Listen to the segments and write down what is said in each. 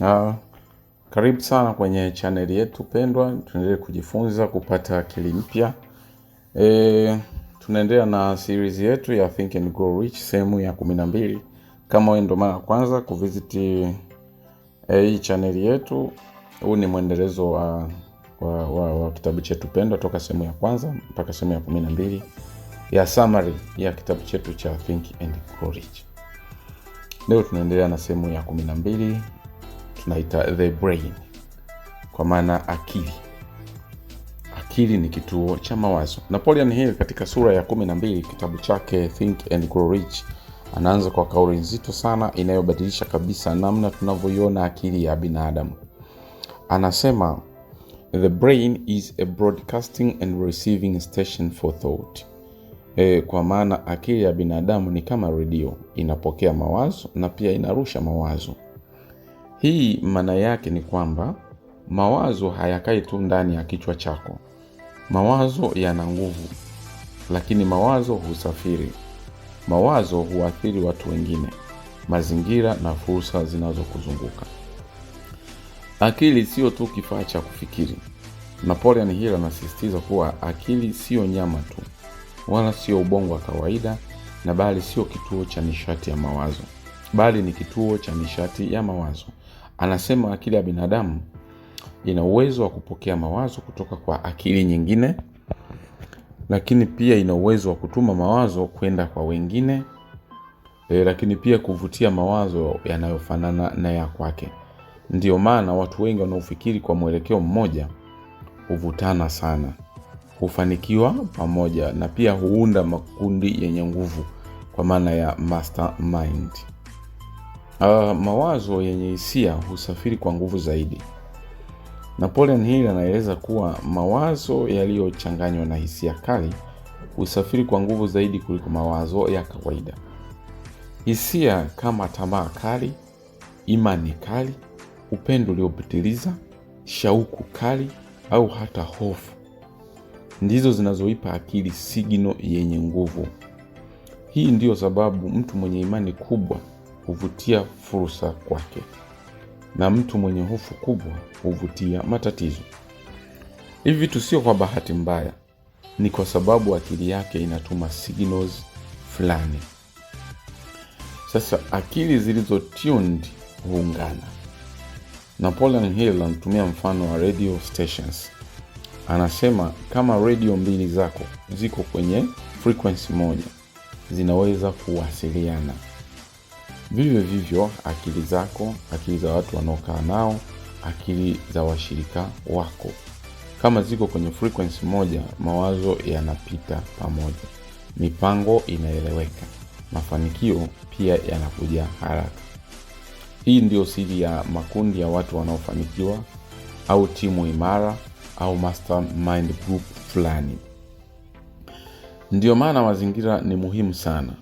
Uh, karibu sana kwenye chaneli yetu pendwa, tunaendelea kujifunza kupata akili mpya. E, tunaendelea na series yetu ya Think and Grow Rich sehemu ya kumi na mbili. Kama wewe ndo mara ya kwanza kuvisiti e, hii chaneli yetu, huu ni mwendelezo wa, wa, wa, wa kitabu chetu pendwa toka sehemu ya kwanza mpaka sehemu ya kumi na mbili ya summary ya kitabu chetu cha Think and Grow Rich. Leo tunaendelea na sehemu ya kumi na mbili tunaita the brain, kwa maana akili. Akili ni kituo cha mawazo. Napoleon Hill katika sura ya 12 kitabu chake Think and Grow Rich anaanza kwa kauli nzito sana inayobadilisha kabisa namna tunavyoiona akili ya binadamu. Anasema the brain is a broadcasting and receiving station for thought. E, kwa maana akili ya binadamu ni kama redio, inapokea mawazo na pia inarusha mawazo. Hii maana yake ni kwamba mawazo hayakai tu ndani ya kichwa chako. Mawazo yana nguvu, lakini mawazo husafiri. Mawazo huathiri watu wengine, mazingira na fursa zinazokuzunguka. Akili siyo tu kifaa cha kufikiri. Napoleon Hill anasisitiza kuwa akili siyo nyama tu, wala sio ubongo wa kawaida, na bali sio kituo cha nishati ya mawazo, bali ni kituo cha nishati ya mawazo. Anasema akili ya binadamu ina uwezo wa kupokea mawazo kutoka kwa akili nyingine, lakini pia ina uwezo wa kutuma mawazo kwenda kwa wengine e, lakini pia kuvutia mawazo yanayofanana na ya kwake. ndiyo maana watu wengi wanaofikiri kwa mwelekeo mmoja huvutana sana, hufanikiwa pamoja na pia huunda makundi yenye nguvu, kwa maana ya mastermind. Uh, mawazo yenye hisia husafiri kwa nguvu zaidi. Napoleon Hill anaeleza kuwa mawazo yaliyochanganywa na hisia kali husafiri kwa nguvu zaidi kuliko mawazo ya kawaida. Hisia kama tamaa kali, imani kali, upendo uliopitiliza, shauku kali au hata hofu ndizo zinazoipa akili signo yenye nguvu. Hii ndiyo sababu mtu mwenye imani kubwa huvutia fursa kwake, na mtu mwenye hofu kubwa huvutia matatizo. Hivi vitu sio kwa bahati mbaya, ni kwa sababu akili yake inatuma signals fulani. Sasa akili zilizo tuned huungana. Napoleon Hill anatumia mfano wa radio stations. Anasema kama redio mbili zako ziko kwenye frequency moja, zinaweza kuwasiliana Vivyo vivyo akili zako, akili za watu wanaokaa nao, akili za washirika wako, kama ziko kwenye frequency moja, mawazo yanapita pamoja, mipango inaeleweka, mafanikio pia yanakuja haraka. Hii ndiyo siri ya makundi ya watu wanaofanikiwa au timu imara au mastermind group fulani. Ndiyo maana mazingira ni muhimu sana.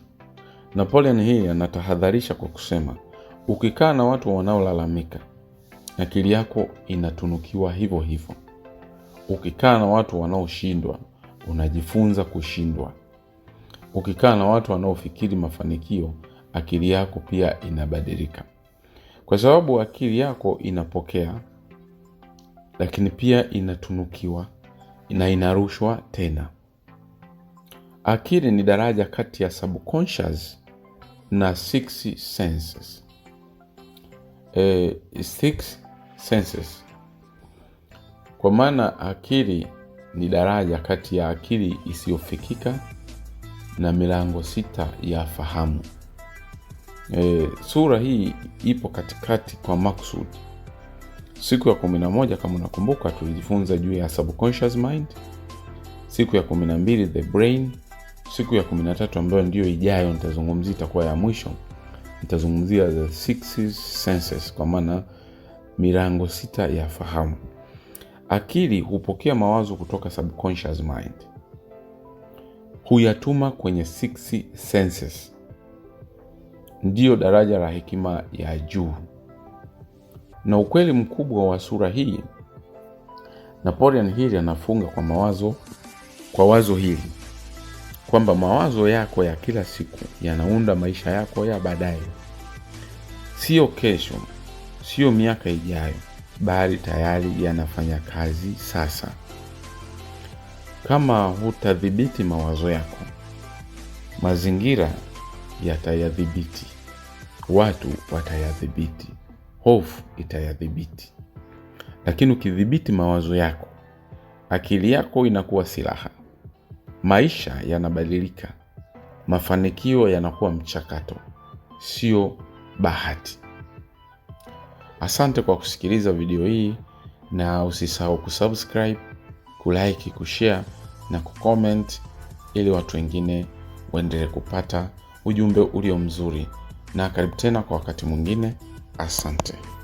Napoleon hii anatahadharisha kwa kusema, ukikaa na watu wanaolalamika, akili yako inatunukiwa hivyo hivyo. Ukikaa na watu wanaoshindwa, unajifunza kushindwa. Ukikaa na watu wanaofikiri mafanikio, akili yako pia inabadilika, kwa sababu akili yako inapokea, lakini pia inatunukiwa na inarushwa tena. Akili ni daraja kati ya subconscious na six senses. E, six senses. Kwa maana akili ni daraja kati ya akili isiyofikika na milango sita ya fahamu. E, sura hii ipo katikati kwa makusudi. Siku ya kumi na moja kama unakumbuka, tulijifunza juu ya subconscious mind. Siku ya kumi na mbili the brain siku ya 13 ambayo ndiyo ijayo nitazungumzia, itakuwa ya mwisho. Nitazungumzia the six senses, kwa maana milango sita ya fahamu. Akili hupokea mawazo kutoka subconscious mind, huyatuma kwenye six senses, ndiyo daraja la hekima ya juu. Na ukweli mkubwa wa sura hii, Napoleon Hill anafunga kwa mawazo kwa wazo hili kwamba mawazo yako ya kila siku yanaunda maisha yako ya baadaye, siyo kesho, siyo miaka ijayo, bali tayari yanafanya kazi sasa. Kama hutadhibiti mawazo yako, mazingira yatayadhibiti, watu watayadhibiti, hofu itayadhibiti. Lakini ukidhibiti mawazo yako, akili yako inakuwa silaha Maisha yanabadilika, mafanikio yanakuwa mchakato, sio bahati. Asante kwa kusikiliza video hii, na usisahau kusubscribe, kulike, kushare na kucomment ili watu wengine waendelee kupata ujumbe ulio mzuri, na karibu tena kwa wakati mwingine. Asante.